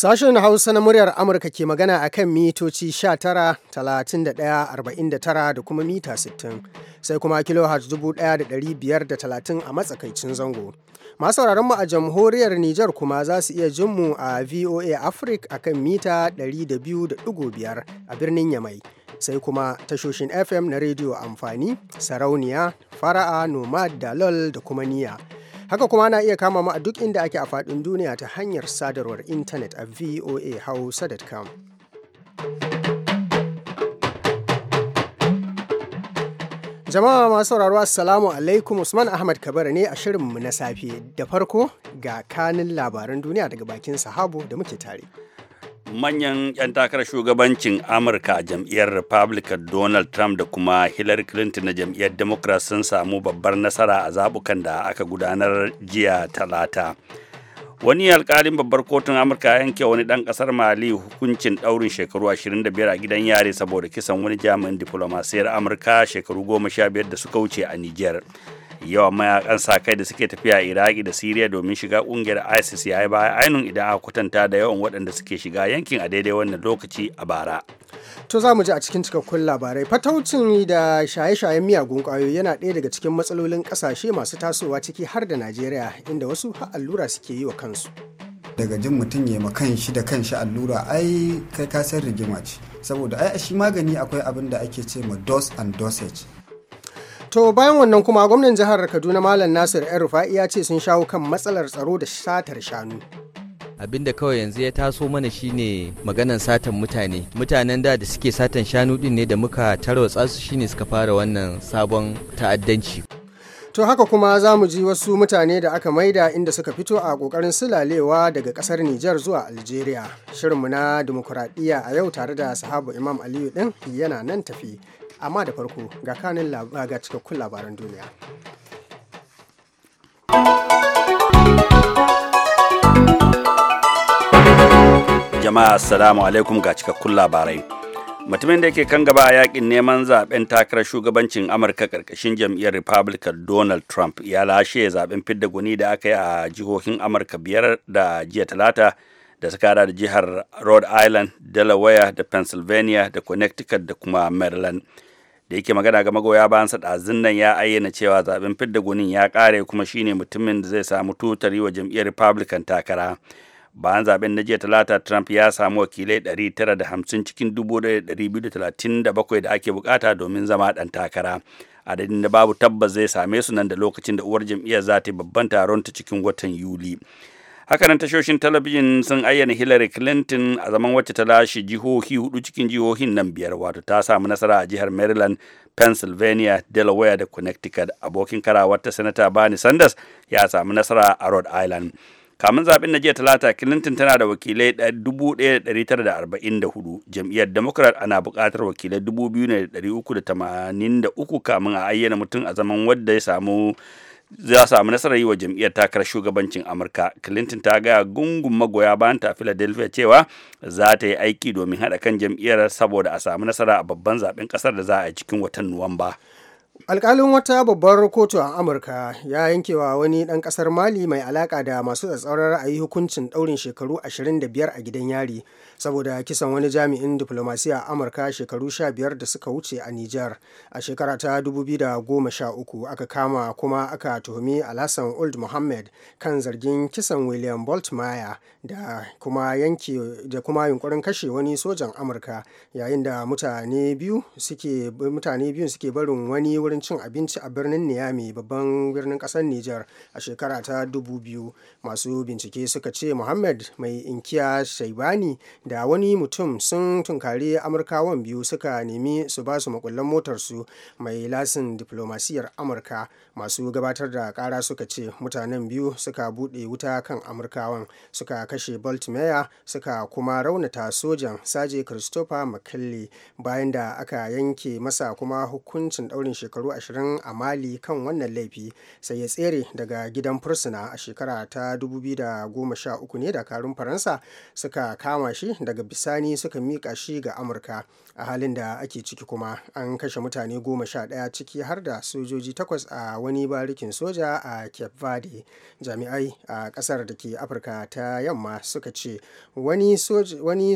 Sashen Hausa na muryar Amurka ke magana a kan mitoci 19, 31, 49 da kuma mita 60, sai kuma kilohertz 1530 a matsakaicin zango. Masu mu a jamhuriyar Nijar kuma za su iya jin mu a VOA Africa a kan mita 200.5 a birnin Yamai. Sai kuma tashoshin FM na rediyo amfani, sarauniya, fara'a, nomad, dalol da kuma niya. Haka kuma ana iya kama mu a duk inda ake a faɗin duniya ta hanyar sadarwar intanet a voahausa.com. Jama'a masu sauraro Assalamu alaikum Usman Ahmad Kabara ne a shirinmu na safe da farko ga kanin labaran duniya daga bakin sahabu da muke tare. manyan 'yan takarar shugabancin amurka a jam'iyyar republican donald trump da kuma hillary clinton na jam'iyyar democrat sun samu babbar nasara a zabukan da aka gudanar jiya talata wani alkalin babbar kotun amurka yanke wani dan kasar mali hukuncin daurin shekaru 25 a gidan yare saboda kisan wani jami'in diplomasiyar amurka shekaru 15 da suka wuce a niger yawan mayakan sa kai da suke tafiya iraki da siriya domin shiga kungiyar isis ya yi baya ainihin idan aka kwatanta da yawan waɗanda suke shiga yankin a daidai wannan lokaci a bara to za mu ji a cikin cikakkun labarai fataucin da shaye-shayen miyagun ƙwayoyi yana ɗaya daga cikin matsalolin ƙasashe masu tasowa ciki har da najeriya inda wasu har allura suke yi wa kansu daga jin mutum ya kan shi da kan shi allura ai kai ka san rigima ce saboda ai shi magani akwai abin da ake ce ma dose and dosage To bayan wannan kuma gwamnan jihar Kaduna Malam Nasir ‘yan Rufa'i ya ce sun shawo kan matsalar tsaro da satar shanu. abin da kawai yanzu ya taso mana shine maganan satan mutane mutanen da da suke satan shanu din ne da muka tarwatsa su shine suka fara wannan sabon ta'addanci to haka kuma za mu ji wasu mutane da aka maida inda suka fito a kokarin sulalewa daga kasar Nijar zuwa Algeria shirinmu na demokuraɗiyya a yau tare da sahabu Imam Aliyu ɗin yana nan tafi amma da farko ga kanin ga cikakkun labaran duniya jama'a assalamu alaikum ga cikakkun labarai mutumin da ke kan gaba a yakin neman zaben takarar shugabancin amurka karkashin jam'iyyar republican donald trump ya lashe zaben fidda guni da aka yi a jihohin amurka biyar da jiya talata da suka da jihar rhode island delaware da pennsylvania da connecticut da kuma maryland da yake magana ga magoya bayan sa ɗazun nan ya ayyana cewa zaɓen fidda gunin ya ƙare kuma shine mutumin da zai samu tutar yi wa jam'iyyar republican takara bayan zaɓen na jiya talata trump ya samu wakilai 950 cikin 237 da ake bukata domin zama ɗan takara adadin da babu tabbas zai same su nan da lokacin da uwar jam'iyyar za ta babban taron ta cikin watan yuli hakanan tashoshin talabijin sun ayyana hillary clinton a zaman wacce ta lashe jihohi hudu cikin jihohin nan biyar wato ta samu nasara a jihar maryland pennsylvania delaware da connecticut abokin karawarta Senator sanata bernie sanders ya samu nasara a rhode island kamin zaɓen na jiya talata clinton tana da wakilai 1944 jam'iyyar democrat ana buƙatar wakilai 2383 kamin a ayyana mutum a zaman wadda ya samu za samu nasarar yi wa jam'iyyar takarar shugabancin amurka clinton ta gaya gungun magoya bayan ta philadelphia cewa za ta yi aiki domin haɗa kan jam'iyyar saboda a samu nasara a babban zaben ƙasar da za a yi cikin watan nuwamba alkalin wata babbar kotu a amurka ya yankewa wani ɗan ƙasar mali mai alaƙa da masu tsatsauran ra'ayi hukuncin ɗaurin shekaru 25 a gidan yari saboda kisan wani jami'in diplomasiya a amurka shekaru 15 da suka wuce a nijar a shekara ta 2013 aka kama kuma aka tuhumi alhassan old mohammed kan zargin kisan william boltmeyer da kuma yanke da kuma yunkurin kashe wani sojan amurka yayin da mutane biyu suke barin wani wurin cin abinci a birnin Niamey babban birnin ƙasar Nijar a shekara ta 2000 masu bincike suka ce Muhammad mai inkiya Shaibani da wani mutum sun tunkari Amurkawan biyu suka nemi su ba su makullan motarsu mai lasin diplomasiyar Amurka masu gabatar da kara suka ce mutanen biyu suka buɗe wuta kan Amurkawan suka kashe Baltimore suka kuma raunata sojan Saje Christopher McKinley bayan da aka yanke masa kuma hukuncin ɗaurin shekaru shekaru 20 a mali kan wannan laifi sai ya tsere daga gidan fursuna a shekara ta 2013 ne dakarun faransa suka kama shi daga bisani suka mika shi ga amurka a halin da ake ciki kuma an kashe mutane 11 ciki har da sojoji takwas a wani barikin soja a cape verde jami'ai a ƙasar da ke afirka ta yamma suka ce wani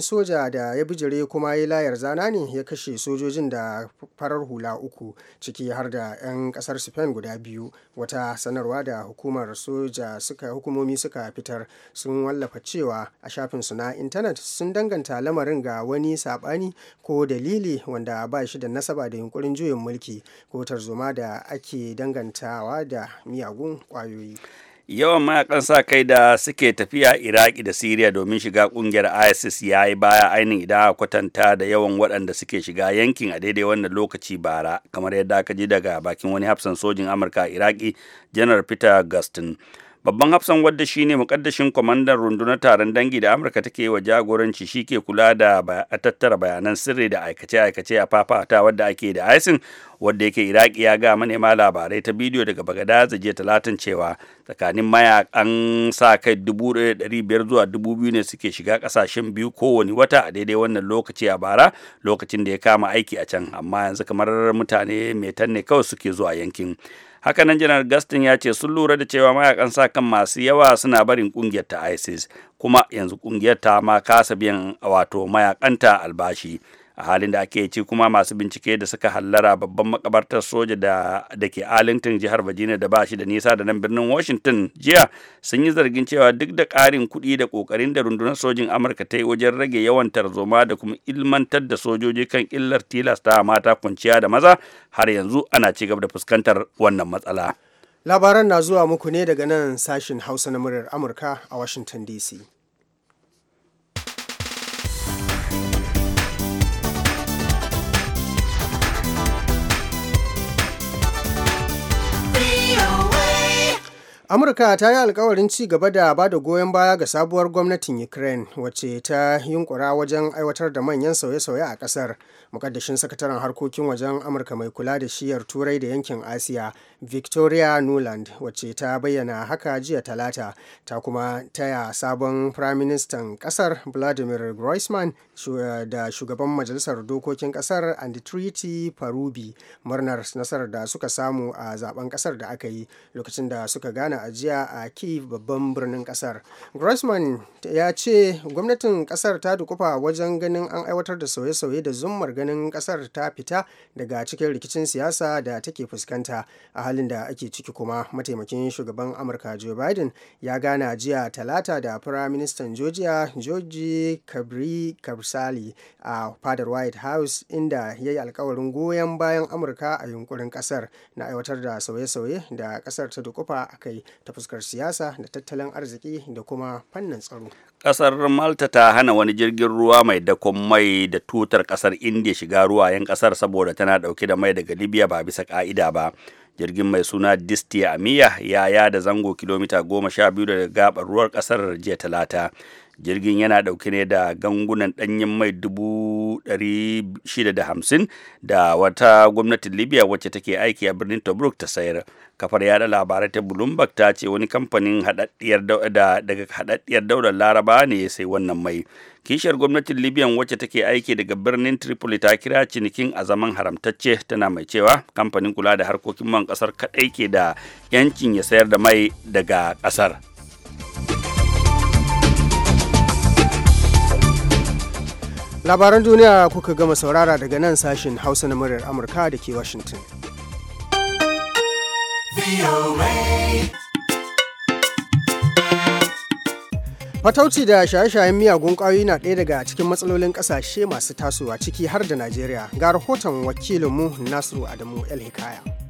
soja da ya bijire kuma ya layar zana ne ya kashe sojojin da farar hula uku ciki har da 'yan kasar spain guda biyu wata sanarwa da hukumar soja suka hukumomi suka fitar sun wallafa cewa a shafinsu na intanet sun danganta lamarin ga wani sabani ko dalili wanda ba shi da nasaba da yunkurin juyin mulki ko tarzoma da ake dangantawa da miyagun kwayoyi yawan mayakan sa kai da suke tafiya iraki da siriya domin shiga kungiyar isis ya yi baya ainihin idan a kwatanta da yawan waɗanda suke shiga yankin a daidai wannan lokaci bara kamar yadda aka ji daga bakin wani hafsan sojin amurka a iraki janar peter gaston babban hafsan wadda shine mukaddashin kwamandan rundunar taron dangi da amurka take wa jagoranci shi ke kula da a tattara bayanan sirri da aikace-aikace a fafata wadda ake da aisin wadda yake iraki ya ga manema labarai ta bidiyo daga bagada jiya talatin cewa tsakanin mayakan sa kai biyar zuwa biyu ne suke shiga kasashen biyu kowane wata a daidai wannan lokaci a bara lokacin da ya kama aiki a can amma yanzu kamar mutane mai ne kawai suke zuwa yankin hakanan janar gastin ya ce sun lura da cewa mayakan sa kan masu yawa suna barin kungiyar ta isis kuma yanzu kungiyar ta ma kasa biyan wato mayakanta albashi a halin da ake ci kuma masu bincike da suka hallara babban makabartar soja da, ke arlington jihar virginia da ba shi da nisa da nan birnin washington jiya sun yi zargin cewa duk da ƙarin kuɗi da ƙoƙarin da rundunar sojin amurka ta yi wajen rage yawan tarzoma da kuma ilmantar da sojoji kan illar tilasta mata kwanciya da maza har yanzu ana ci gaba da fuskantar wannan matsala labaran na zuwa muku ne daga nan sashin hausa na muryar amurka a washington dc amurka ta yi alkawarin ci gaba da ba da goyon baya ga sabuwar gwamnatin ukraine wacce ta yunkura wajen aiwatar da manyan sauye-sauye a ƙasar? mukaddashin sakataren harkokin wajen amurka mai kula da shiyar turai da yankin asiya victoria nuland wacce ta bayyana haka jiya talata ta kuma taya sabon firaministan kasar vladimir groisman eh, da shugaban majalisar dokokin kasar treaty farubi murnar nasarar da suka samu a zaben kasar da aka yi lokacin da suka gana a jiya a kiev babban birnin kasar groisman ya ce gwamnatin kasar ta dukufa wajen ganin an aiwatar da sauye-sauye da zummar ganin kasar ta fita daga cikin rikicin siyasa da take fuskanta a halin da ake ciki kuma mataimakin shugaban amurka joe biden ya gana jiya talata da Firaministan ministan georgia george kabri kabsali a fadar white house inda ya yi alkawarin goyon bayan amurka a yunkurin kasar na aiwatar da sauye-sauye da kasar ta dukufa a kai ta fuskar siyasa da tattalin arziki da kuma fannin tsaro Ƙasar malta ta hana wani jirgin ruwa mai dakon mai da tutar ƙasar india shiga ruwayen ƙasar saboda tana ɗauke da mai daga libya ba bisa ƙa'ida ba jirgin mai suna distia amiya ya yada zango kilomita goma sha biyu daga gabar ruwar ƙasar jiya talata jirgin yana ɗauke ne da gangunan ɗanyen mai 650 da wata gwamnatin libya wacce take aiki a birnin tobruk ta sayar kafar yada labarai ta bloomberg ta ce wani kamfanin daga haɗaɗɗiyar daular laraba ne ya sai wannan mai kishiyar gwamnatin libyan wacce take aiki daga birnin tripoli ta kira cinikin a zaman haramtacce tana mai cewa kamfanin kula da harkokin man ƙasar kaɗai ke da 'yancin ya sayar da mai daga ƙasar. labaran duniya kuka gama saurara daga nan sashin hausa na muryar amurka da ke washington Fatauci da shaye-shayen miyagun ƙwayoyi na ɗaya daga cikin matsalolin ƙasashe masu tasowa ciki har da Najeriya ga rahoton wakilinmu Nasiru Adamu El Hikaya.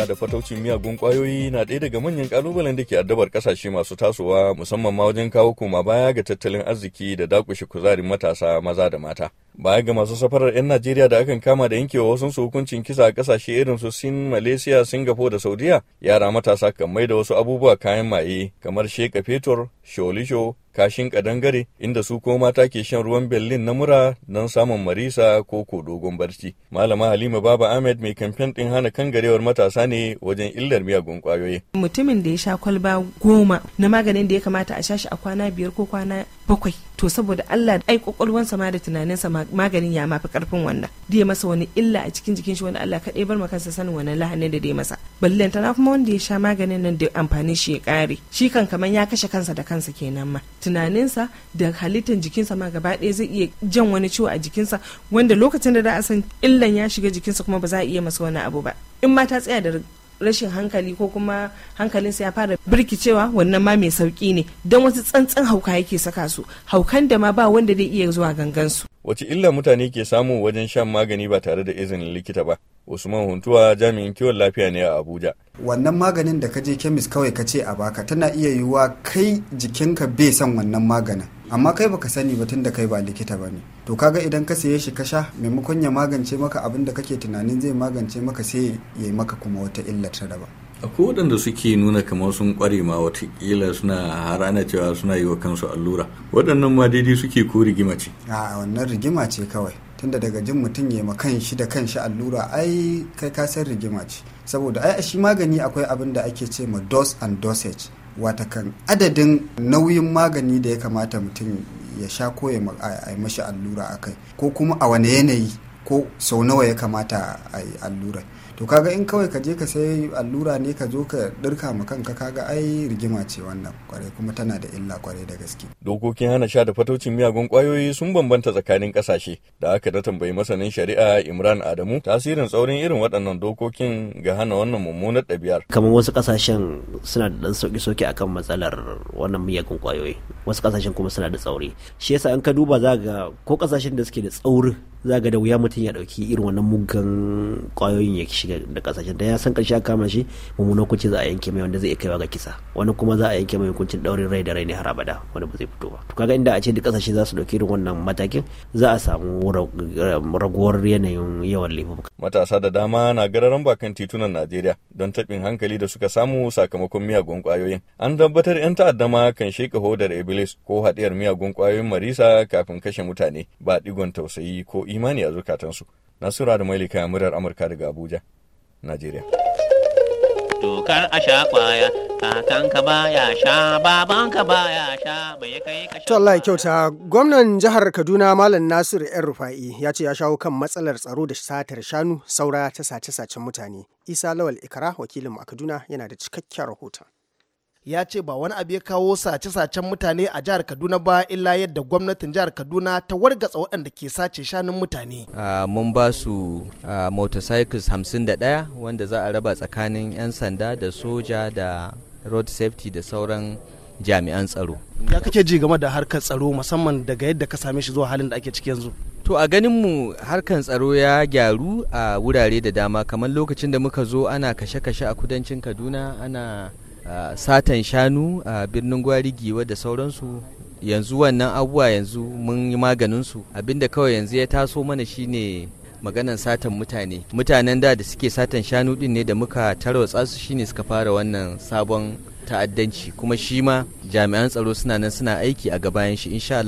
sha da fataucin miyagun kwayoyi na ɗaya daga manyan kalubalen da ke addabar ƙasashe masu tasowa musamman ma wajen kawo koma baya ga tattalin arziki da dakushe kuzarin matasa maza da mata baya ga masu safarar 'yan najeriya da akan kama da yankewa wasu su hukuncin kisa a kasashe irin su sin malaysia singapore da saudiya yara matasa kan mai da wasu abubuwa kayan maye kamar sheka fetur sholisho kashin kadangare inda su ko mata ke shan ruwan berlin na mura don samun marisa ko ko dogon barci malama halima baba ahmed mai kamfen din hana kan garewar matasa ne wajen illar miyagun kwayoyi mutumin da ya sha kwalba goma na maganin da ya kamata a sha shi a kwana biyar ko kwana bakwai to saboda Allah ai kwakwalwansa ma da tunaninsa maganin ya mafi karfin wannan da ya masa wani illa a cikin jikin shi wani Allah kaɗai bar kansa sanin wani lahanin da ya masa ballen tana kuma wanda ya sha maganin nan da amfanin shi ya kare shi kan kamar ya kashe kansa da kansa kenan ma tunaninsa da halittar jikinsa ma gaba ɗaya zai iya jan wani ciwo a jikinsa wanda lokacin da za a san illan ya shiga jikinsa kuma ba za a iya masa wani abu ba in ma ta tsaya da rashin hankali ko kuma hankalinsa ya fara birkicewa wannan ma mai sauki ne don wasu tsantsan hauka yake saka su haukan da ma ba wanda zai iya zuwa gangan su. wace illa mutane ke samu wajen shan magani ba tare da izinin likita ba usman huntuwa jami'in kiwon lafiya ne a abuja wannan maganin da kaje je kemis kawai ka ce a baka tana iya yiwuwa kai jikinka bai san wannan maganin amma kai baka sani ba tunda kai ba likita ba ne to kaga idan ka saye shi ka sha maimakon ya magance maka abin da kake tunanin zai magance maka sai ya yi maka kuma wata illa ta raba akwai waɗanda suke nuna kamar sun ƙware ma watakila suna harana cewa suna yi wa kansu allura waɗannan ma daidai suke ko rigima ce a wannan rigima ce kawai tunda daga jin mutum ya makan shi da kan shi allura ai kai ka san rigima ce saboda ai shi magani akwai abin da ake ce ma dose and dosage watakan adadin nauyin magani da ya kamata mutum ya sha ko ya yi mashi allura a kai, ko kuma a wane yanayi ko sau nawa ya kamata a yi allurar to kaga in kawai ka je ka sai allura ne ka zo ka dirka ma kanka kaga ai rigima ce wannan kwarai kuma tana da illa kwarai da gaske dokokin hana sha da fatocin miyagun kwayoyi sun bambanta tsakanin kasashe da aka da tambayi masanin shari'a Imran Adamu tasirin tsaurin irin waɗannan dokokin ga hana wannan mummunar ɗabi'ar kamar wasu kasashen suna da dan sauki sauki akan matsalar wannan miyagun kwayoyi wasu kasashen kuma suna da tsauri shi yasa in ka duba za ga ko kasashen da suke da tsauri za ga da wuya mutum ya ɗauki irin wannan mugan kwayoyin ya shiga da kasashen da ya san karshe aka kama shi mummunan hukunci za a yanke mai wanda zai iya kaiwa ga kisa wani kuma za a yanke mai hukuncin daurin rai da rai ne har abada wani ba zai fito ba to kaga inda a ce duk kasashe za su dauki irin wannan matakin za a samu raguwar yanayin yawan laifuka matasa da dama na gararan bakan titunan Najeriya don tabin hankali da suka samu sakamakon miyagun kwayoyin an tabbatar yan ta'adda ma kan sheka hodar iblis ko haɗiyar miyagun kwayoyin marisa kafin kashe mutane ba digon tausayi ko imani a zukatansu Nasura da Mailika murar Amurka daga Abuja. najeriya dokar a sha kwaya kakanka baya sha babanka sha bai ka sha Allah kyauta gwamnan jihar Kaduna Malam Nasir Yan Rufa'i ya ce ya shawo kan matsalar tsaro da satar shanu saura ta sace-sacen mutane Isa Lawal Ikra wakilinmu a Kaduna yana da cikakken rahoton ya ce ba wani abu ya kawo sace-sacen mutane a jihar kaduna ba illa yadda gwamnatin jihar kaduna ta wargatsa waɗanda ke sace shanun mutane mun ba su motorcycles ɗaya, wanda za a raba tsakanin 'yan sanda da soja da road safety da sauran jami'an tsaro ya kake ji game da harkar tsaro musamman daga yadda ka same shi zuwa halin da ake ciki yanzu to a ganin mu harkan tsaro ya gyaru a wurare da dama kamar lokacin da muka zo ana kashe-kashe a kudancin kaduna ana Ah, satan shanu a ah, birnin gwari da sauransu yanzu wannan abubuwa yanzu mun yi maganinsu abinda kawai yanzu ya taso mana shine maganan satan mutane mutanen da da suke satan shanu din ne da muka tarwatsa su shine suka fara wannan sabon ta'addanci kuma shi ma jami'an tsaro suna nan suna aiki a gabayan shi insha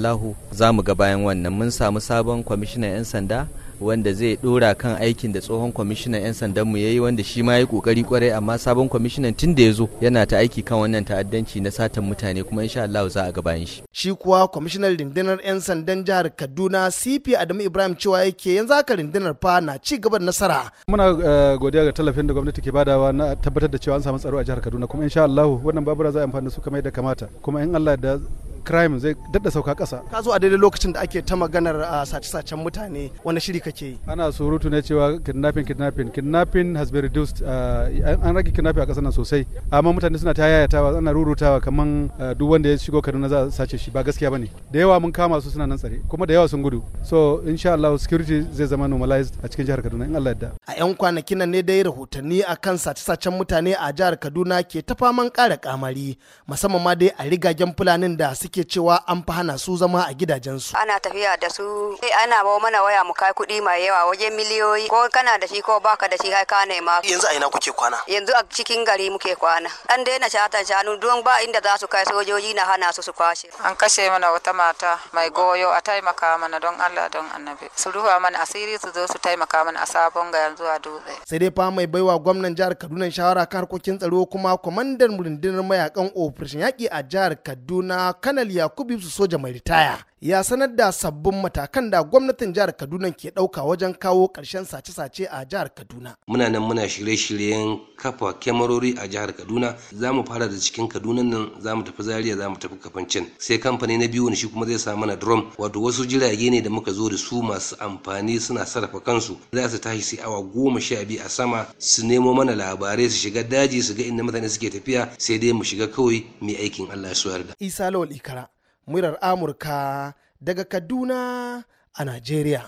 za mu ga bayan wannan mun samu sabon kwamishinan 'yan sanda wanda zai dora kan aikin da tsohon kwamishinan 'yan sandan mu yi wanda shi ma yi kokari kwarai amma sabon kwamishinan tun da ya zo yana ta aiki kan wannan ta'addanci na satan mutane kuma insha Allah za a gabayin shi shi kuwa kwamishinan rundunar 'yan sandan jihar Kaduna CP Adamu Ibrahim cewa yake yanzu haka rundunar fa na ci gaban nasara muna eh, godiya ga tallafin da gwamnati ke badawa na tabbatar da cewa an samu tsaro a jihar Kaduna kuma insha Allah wannan babura za a amfani da su kamar yadda kamata kuma in Allah da crime zai dada sauka kasa ka zo a daidai lokacin da ake ta maganar ah, sace-sacen mutane wani shiri kake yi ana surutu ne cewa kidnapping kidnapping kidnapping has been reduced ah, an rage kidnapping a kasar nan sosai amma mutane suna ta yayatawa ana rurutawa kaman ah, duk wanda ya shigo Kaduna za a sace shi ba gaskiya bane da yawa mun kama su suna nan tsare kuma da yawa sun gudu so insha Allah security zai zama normalized a cikin jihar Kaduna in Allah da. a yan kwanakin nan ne dai rahotanni akan sace-sacen mutane a jihar Kaduna ke ta faman ƙara kamari musamman ma dai a rigagen fulanin da suke suke cewa an fi hana su zama a gidajensu. Ana tafiya da su sai ana bawa mana waya mu kai kuɗi mai yawa wajen miliyoyi ko kana da shi ko baka da shi kai ka nema. Yanzu a ina kuke kwana? Yanzu a cikin gari muke kwana. An daina shatan shanu don ba inda za su kai sojoji na hana su su kwashe. An kashe mana wata mata mai goyo a taimaka mana don Allah don annabi. Su rufa mana asiri su zo su taimaka mana a sabon ga yanzu a dutse. Sai dai fa mai baiwa gwamnan jihar Kaduna shawara kan harkokin tsaro kuma kwamandan rundunar mayakan ofishin yaƙi a jihar Kaduna kana Colonel Yakubu Soja mai ritaya ya sanar da sabbin matakan da gwamnatin jihar Kaduna ke ɗauka wajen kawo ƙarshen sace-sace a jihar Kaduna. Muna nan muna shirye-shiryen kafa kyamarori a jihar Kaduna, za mu fara da cikin Kaduna nan za mu tafi Zaria za mu tafi Kafancin. Sai kamfani na biyu wani shi kuma zai samu mana drum, wato wasu jirage ne da muka zo da su masu amfani suna sarrafa kansu. Za su tashi sai awa goma sha biyu a sama su nemo mana labarai su shiga daji su ga inda mutane suke tafiya sai dai mu shiga kawai mai aikin Allah ya yarda. Isa Lawal Ikara murar amurka daga kaduna a najeriya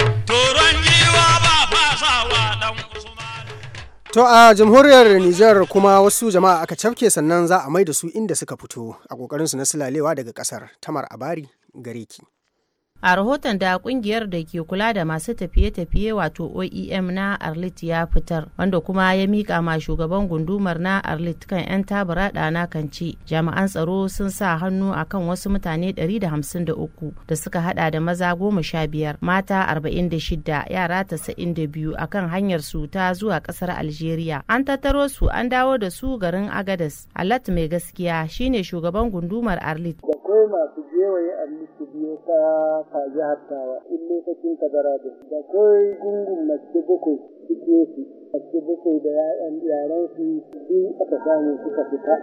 To a jamhuriyar Nijar kuma wasu jama'a aka cafke sannan za a mai da su inda suka fito a ƙoƙarinsu na silalewa daga ƙasar tamar abari gare ki. a rahoton da kungiyar da ke kula da masu tafiye-tafiye wato oem na arlit ya fitar wanda kuma ya mika ma shugaban gundumar na arlit kan 'yan tabura na kanci jami'an tsaro sun sa hannu akan wasu mutane 153 da suka hada da maza 15 mata 46 yara 92 akan hanyar su ta zuwa kasar algeria an tattaro su an dawo da su garin agadas alat mai gaskiya shine shugaban gundumar arlit masu arlit ne ka ka ji hattawa in lokacin ka da kai gungun mace bakwai cike su a cikin bakwai da yaran su su aka samu suka fita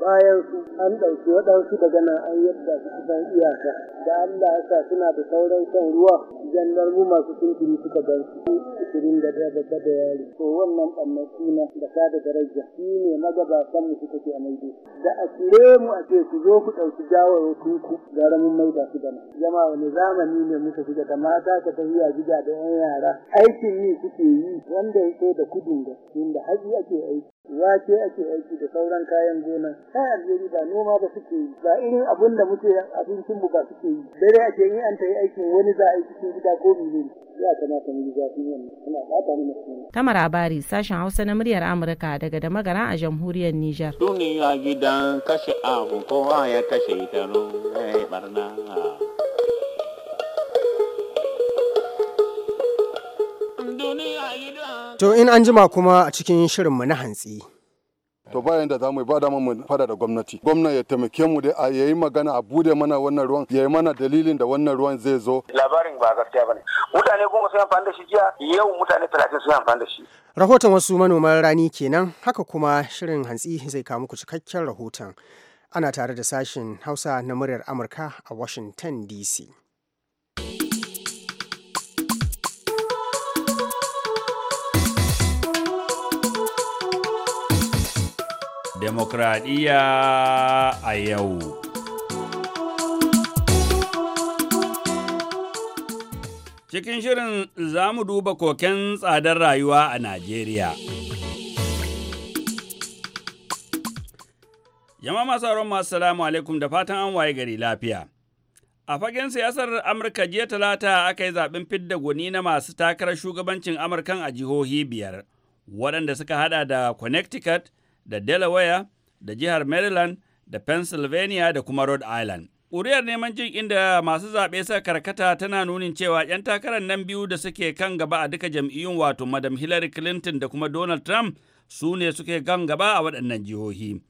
bayan su an ɗauki waɗansu daga nan an yadda su kusan iyaka da Allah ya sa suna da sauran shan ruwa jannar mu masu tuntuni suka gan su ishirin da ɗaya da da yari to wannan ɓannan suna da ta da daraja shi ne magabatan mu suka ke a maido da a cire mu a ce ku zo ku ɗauki jawar ku gara mun maida su da nan jama'a wani zamani ne muka shiga mata ta tafiya gida da 'yan yara aikin yi suke yi wanda ya so da kudin da inda haji ake aiki wake ake aiki da sauran kayan gona kai aljeri ba noma ba suke yi ba irin abin da muke abincin mu ba suke yi dare ake yi an tayi aiki wani za a yi cikin gida ko mene ya kamata mu yi zafi wannan ana fata mu mutum tamar Abari sashen Hausa na muryar Amurka daga da magana a jamhuriyar Nijar Duniya gidan kashe abu kowa ya kashe ta ruwa barna To in an jima kuma a cikin shirinmu na hantsi. to bayan da za mu ba da mu fada da gwamnati gwamna ya taimake mu dai a yayi magana a bude mana wannan ruwan yayi mana dalilin da wannan ruwan zai zo labarin ba gaskiya bane mutane goma sun amfani da shi jiya yau mutane talatin sun amfani da shi rahoton wasu manoman rani kenan haka kuma shirin hantsi zai kawo muku cikakken rahoton ana tare da sashin hausa na muryar amurka a washington dc demokradiyya a yau. Cikin shirin za mu duba koken tsadar rayuwa a Najeriya. Yama masu auren masu salamu alaikum da fatan an waye gari lafiya. A fagen siyasar Amurka jiya talata aka yi zaɓen fidda gwani na masu takarar shugabancin Amurkan a jihohi biyar, waɗanda suka hada da Connecticut, da Delaware da jihar Maryland da Pennsylvania da kuma Rhode Island. Ƙuri'ar neman jin inda masu zaɓe sa karkata tana nunin cewa 'yan takarar nan biyu da suke kan gaba a duka jam'iyyun wato Madam Hillary Clinton da kuma Donald Trump su ne suke kan gaba a waɗannan jihohi.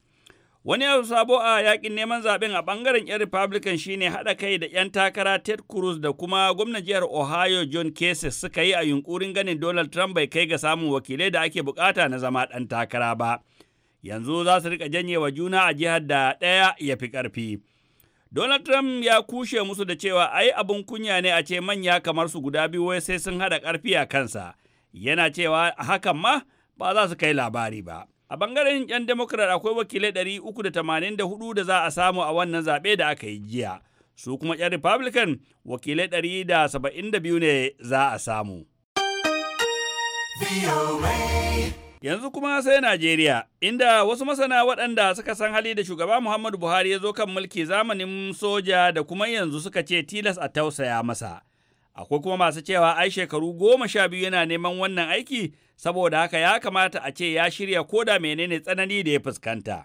Wani abu sabo a yakin neman zaɓen a ɓangaren 'yan Republican shi ne haɗa kai da 'yan takara Ted Cruz da kuma gwamnan jihar Ohio John Kasich suka yi a yunkurin ganin Donald Trump bai kai ga samun wakilai da ake bukata na zama ɗan takara ba. yanzu za su rika janye wa juna a jihar da ɗaya ya fi ƙarfi. Donald Trump ya kushe musu da cewa ai abun kunya ne a ce manya kamar su guda biyu wai sai sun haɗa ƙarfi a kansa. Yana cewa hakan ma ba za su kai labari ba. A bangaren 'yan Democrat akwai wakilai 384 da za a samu a wannan zaɓe da aka yi jiya. Su kuma 'yan Republican wakilai 172 ne za a samu. Yanzu kuma sai Najeriya, inda wasu masana waɗanda suka san hali da shugaba Muhammadu Buhari ya zo kan mulki zamanin soja da kuma yanzu suka ce tilas a tausaya masa. Akwai kuma masu cewa ai shekaru goma sha biyu yana neman wannan aiki, saboda haka ya kamata a ce ya shirya ko koda menene tsanani da ya fuskanta.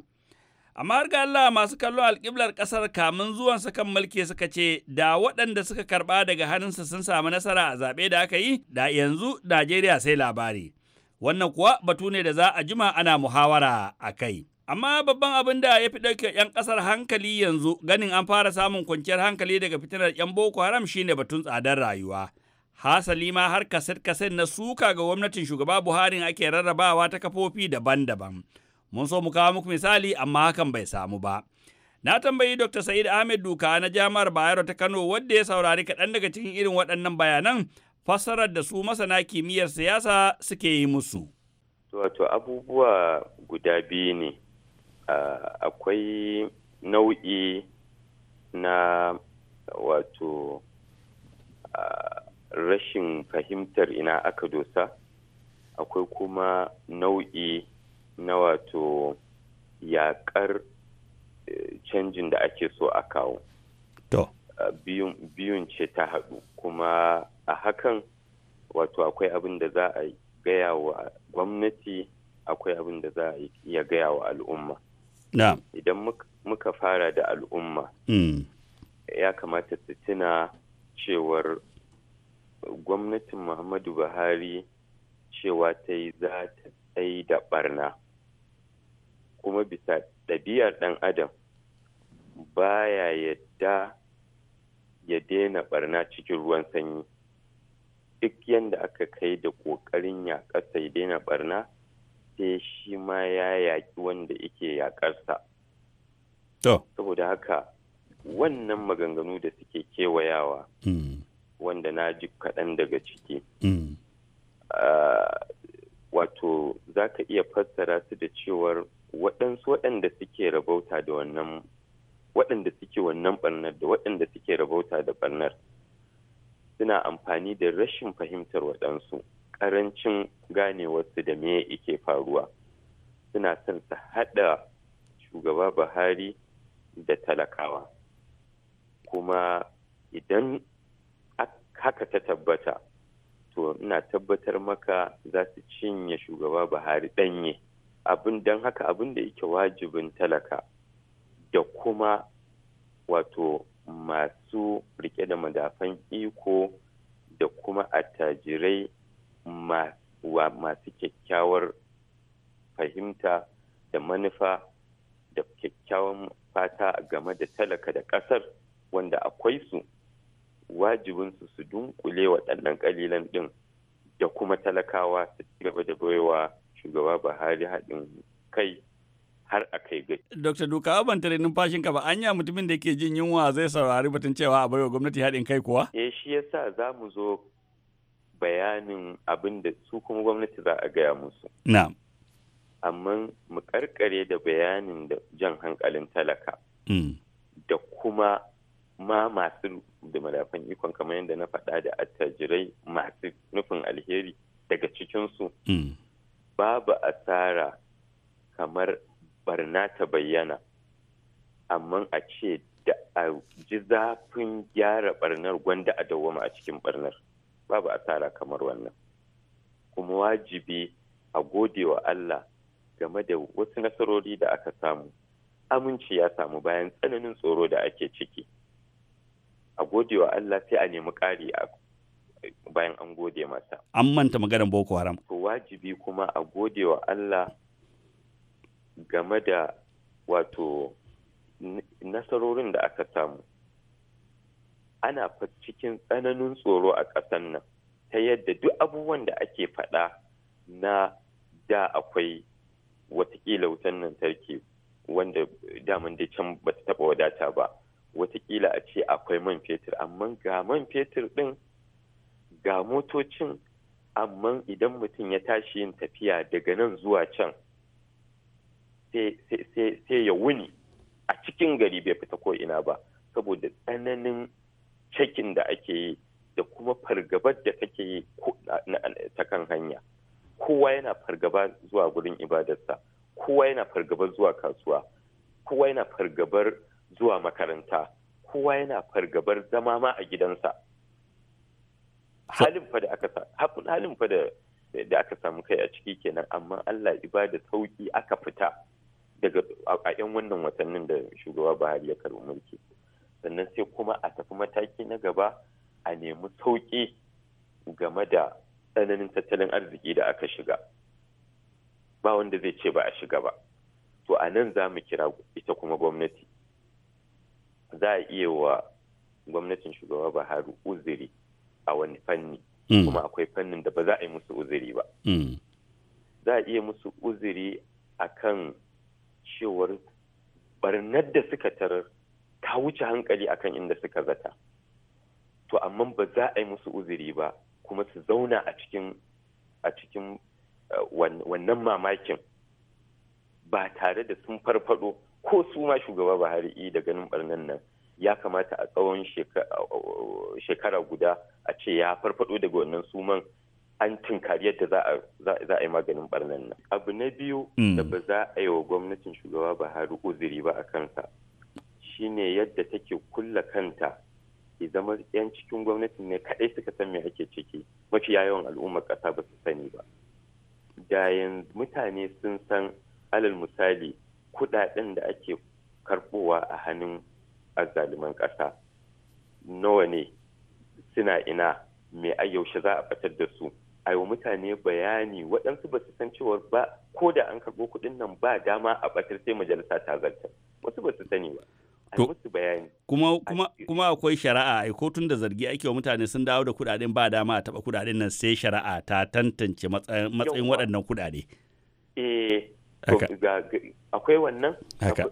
Amma har ga Allah masu kallon alƙiblar ƙasar kamun zuwan kan mulki suka ce da waɗanda suka karɓa daga hannunsa sun samu nasara a zaɓe da aka yi, da yanzu Najeriya sai labari. Wannan kuwa batu ne da za a jima ana muhawara a kai. Amma babban abin da ya fi ɗauke 'yan ƙasar hankali yanzu ganin an fara samun kwanciyar hankali daga fitinar 'yan Boko Haram shi ne batun tsadar rayuwa. Hasali ma har kaset-kaset na suka ga gwamnatin shugaba Buhari ake rarrabawa ta kafofi daban-daban. Mun so mu kawo muku misali amma hakan bai samu ba. Na tambayi Dr. Sa'id Ahmed Duka na Jami'ar Bayero ta Kano wadda ya saurari kaɗan daga cikin irin waɗannan bayanan fassarar da su masana kimiyyar siyasa suke yi musu. Wato abubuwa guda biyu ne, akwai nau'i na wato rashin fahimtar ina aka dosa, akwai kuma nau'i na wato yaƙar e, canjin da ake so a kawo. biyun ce ta haɗu kuma hakan wato akwai abin da za a gaya wa gwamnati akwai abin da za a iya gaya wa al'umma idan muka fara da al'umma hmm. ya kamata su tuna cewar gwamnatin muhammadu buhari cewa ta yi za ta tsaye da barna kuma bisa ɗabi'ar ɗan adam baya yadda ya daina barna cikin ruwan sanyi duk yadda aka kai da ƙoƙarin yaƙar ya daina barna sai shi ma ya yaƙi wanda yake yaƙarsa. Saboda haka wannan maganganu da suke kewayawa hmm. wanda na ji kaɗan daga ciki. Hmm. Wato za ka iya fassara su da cewar waɗansu waɗanda suke rabauta da wannan waɗanda suke wannan ɓarnar da waɗanda suke rabauta da ɓarnar. suna amfani da rashin fahimtar waɗansu ƙarancin ganewarsu da me yake faruwa suna son su haɗa shugaba buhari da talakawa kuma idan haka ta tabbata to ina tabbatar maka za su cinye shugaba buhari ɗanye abin don haka abin da yake wajibin talaka da kuma wato masu rike da madafan iko da kuma attajirai masu kyakkyawar fahimta da manufa da kyakkyawan fata game da talaka da ƙasar wanda akwai su wajibinsu su dunkule waɗannan ƙalilan ɗin da kuma talakawa su ci gaba da baiwa shugaba buhari haɗin kai har a kai gai. Dr. Dukawa ban tare numfashin ka ba anya mutumin da ke jin yunwa zai saurari batun cewa a baiwa gwamnati haɗin kai kuwa? Eh shi yasa za mu zo bayanin abin da su kuma gwamnati za a gaya musu. Na'am. Amma mu karkare da bayanin da jan hankalin talaka. Mm. Da kuma ma masu da madafan ikon kamar yadda na faɗa da attajirai masu nufin alheri daga cikinsu. Mm. Babu asara kamar barna ta bayyana amma a ce da a ji zafin gyara barnar gwanda a dawoma a cikin barnar babu asara kamar wannan kuma wajibi a gode wa Allah game da wasu nasarori da aka samu aminci ya samu bayan tsananin tsoro da ake ciki a gode wa Allah sai a nemi ƙari a bayan an gode mata. an manta maganar boko haram wajibi kuma a gode wa Allah game da wato nasarorin da aka samu ana cikin tsananin tsoro a ƙasan nan ta yadda duk abubuwan da ake faɗa na da akwai watakila wutan lantarki wanda daman dai can ba ta taɓa wadata ba watakila a ce akwai man fetur amma ga man fetur ɗin ga motocin amma idan mutum ya tashi yin tafiya daga nan zuwa can sai ya wuni a cikin gari bai fita ko ina ba saboda tsananin cekin da ake yi da kuma fargabar da take yi ta kan hanya kowa yana fargaba zuwa gurin ibadarsa kowa yana fargabar zuwa kasuwa kowa yana fargabar zuwa makaranta kowa yana fargabar zama ma a gidansa halin fa da aka halin fa da aka samu kai a ciki kenan amma Allah ibada sauki aka fita daga a 'yan wannan watannin da shugaba buhari ya karbi mulki sannan sai kuma a tafi mataki na gaba a nemi sauƙi game da tsananin tattalin arziki da aka shiga ba wanda zai ce ba a shiga ba to a nan za mu kira ita kuma gwamnati za a iya wa gwamnatin shugaba buhari uzuri a wani fanni mm. kuma akwai fannin da ba za a yi musu uzuri ba mm. za a iya musu uzuri a kan cewar barnar da suka tarar ta wuce hankali akan inda suka zata to amma ba za a yi musu uzuri ba kuma su zauna a cikin a cikin eh, wannan mamakin ba tare da sun farfado ko su ma shugaba Buhari da ganin barnan nan ya kamata a tsawon shekara guda a ce ya farfado daga wannan suman an tunkari yadda za a yi maganin barnan nan abu na biyu mm. da ba za a yi wa gwamnatin shugaba buhari uzuri ba a kansa shine yadda take kulla kanta ke zama 'yan cikin gwamnatin ne kaɗai suka san me ake ciki mafi yawan al'ummar ƙasa ba su sani ba da yanzu mutane sun san alal misali kuɗaɗen da ake karɓowa a hannun azzaluman ƙasa nawa ne suna ina me a yaushe za a fitar da su a wa mutane bayani waɗansu ba su san cewar ba ko da an karɓo kuɗin nan ba dama a ɓatar sai majalisa ta zarta wasu ba su sani ba a musu bayani kuma kuma kuma akwai shari'a ai tun da zargi ake wa mutane sun dawo da kuɗaɗen ba dama a taɓa kuɗaɗen nan sai shari'a ta tantance matsayin waɗannan kuɗaɗe eh akwai wannan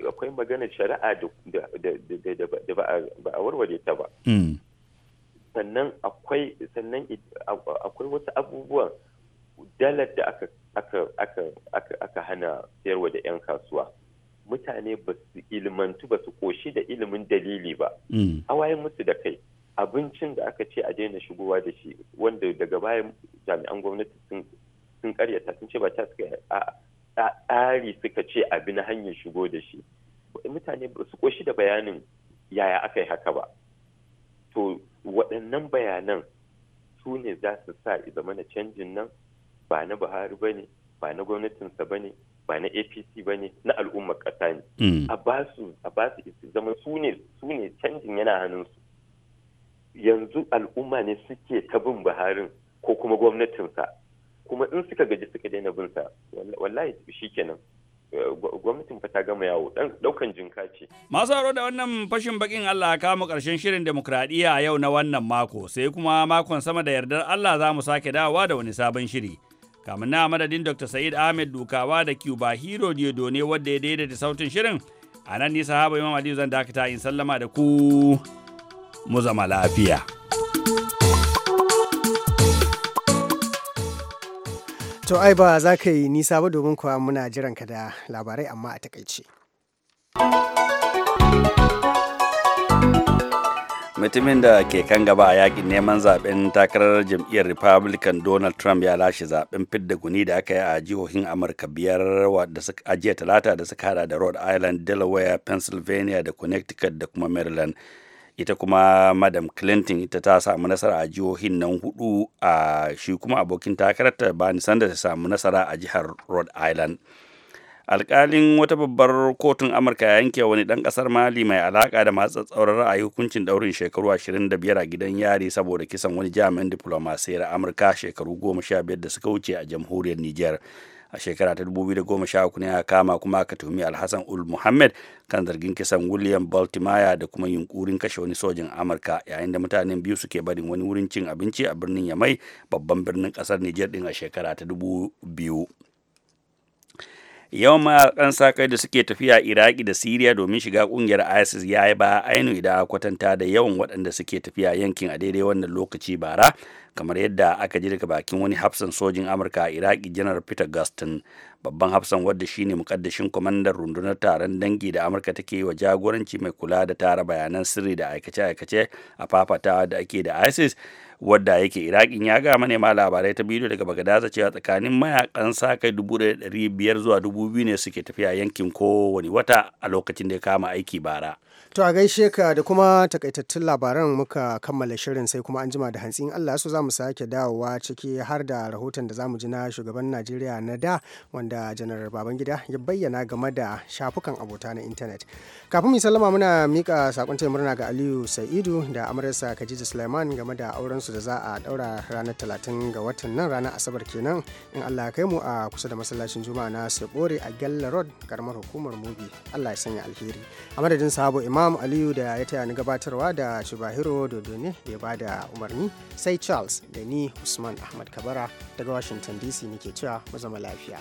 akwai maganar shari'a da ba a warware ta ba hmm. sannan akwai sannan akwai wasu abubuwan dalar da aka aka aka aka aka hana sayarwa da 'yan kasuwa mutane ba su ilmantu ba su koshi da ilimin dalili ba hawayen mm. musu da kai abincin da aka ce a daina shigowa da shi wanda daga baya jami'an gwamnati sun sun karyata sun ce ba ta suka a tsari suka ce abi na hanyar shigo da shi mutane ba su koshi da bayanin yaya aka yi haka ba to waɗannan bayanan su ne za su sa zama na canjin nan ba na buhari ba ne ba na gwamnatinsa ba ne ba na apc ba ne na al'ummar ƙasa ne mm. a ba su zama su ne canjin yana hannunsu yanzu al'umma ne suke ta bin buharin ko kuma gwamnatinsa kuma in suka gaji suka daina bin sa wallahi shi kenan gwamnatin fa ta gama yawo daukan jinka ce. Masu haro da wannan fashin bakin Allah ka mu karshen shirin a yau na wannan mako sai kuma makon sama da yardar Allah za mu sake dawowa da wani sabon shiri. Kamin na madadin Dr. Sa'id Ahmed Dukawa da Cuba Hero ne wadda ya daidaita sautin shirin a nan nisa sahaba Imam Aliyu zan dakata in sallama da ku mu zama lafiya. To ai ba za ka yi nisa ba domin kuwa muna jiran ka da labarai amma a takaice. Mutumin da ke kan gaba a yakin neman zaben takarar jam'iyyar Republican Donald Trump ya lashe zaben fidda guni da aka yi a jihohin Amurka biyar suka jiya talata da suka hada da Rhode Island, Delaware, Pennsylvania da Connecticut da kuma Maryland. ita kuma madam clinton ita ta samu nasara a jihohin nan hudu a shi kuma abokin takararta bani sanda ta samu nasara a jihar rhode island alkalin wata babbar kotun amurka ya yanke wani dan kasar mali mai alaka da masu tsatsauran ra'ayi hukuncin daurin shekaru 25 a gidan yari saboda kisan wani jami'in diplomasiyar amurka shekaru 15 da suka wuce a jamhuriyar niger a shekara ta 2013 ne aka kama kuma aka tuhumi alhassan ul muhammad kan zargin kisan william baltimore da kuma yunkurin kashe wani sojin amurka yayin da mutanen biyu suke barin wani wurin cin abinci a birnin yamai babban birnin kasar niger din a shekara ta 2000 yawan mayakan sa kai da suke tafiya iraki da siriya domin shiga kungiyar isis ya yi ba ainu idan a kwatanta da yawan waɗanda suke tafiya yankin a daidai wannan lokaci bara kamar yadda aka ji daga bakin wani hafsan sojin amurka a iraki janar peter gaston babban hafsan wadda shine mukaddashin kwamandan rundunar taron dangi da amurka take yi wa jagoranci mai kula da tara bayanan sirri da aikace-aikace a fafatawa da ake da isis wadda yake irakin ya ga manema labarai ta bidiyo daga bagadaza cewa tsakanin mayakan sa kai dubu biyar zuwa dubu biyu ne suke tafiya yankin ko wani wata a lokacin da ya kama aiki bara to a gaishe ka da kuma takaitattun labaran muka kammala shirin sai kuma an jima da hantsin allah so za mu sake dawowa ciki har da rahoton da za mu ji na shugaban najeriya na da wanda janar babangida ya bayyana game da shafukan abota na intanet kafin mu sallama muna mika sakon murna ga aliyu sa'idu da amaryarsa khadija suleiman game da auren su da za a daura ranar talatin ga watan nan ranar asabar kenan in allah ya kai mu a kusa da masallacin juma'a na sebore a gella road karamar hukumar mubi allah ya sanya alheri a madadin sabo imam aliyu da ya taya ni gabatarwa da shibahiro dodone da ya ba da umarni sai charles da ni usman ahmad kabara daga washington dc nake cewa mu zama lafiya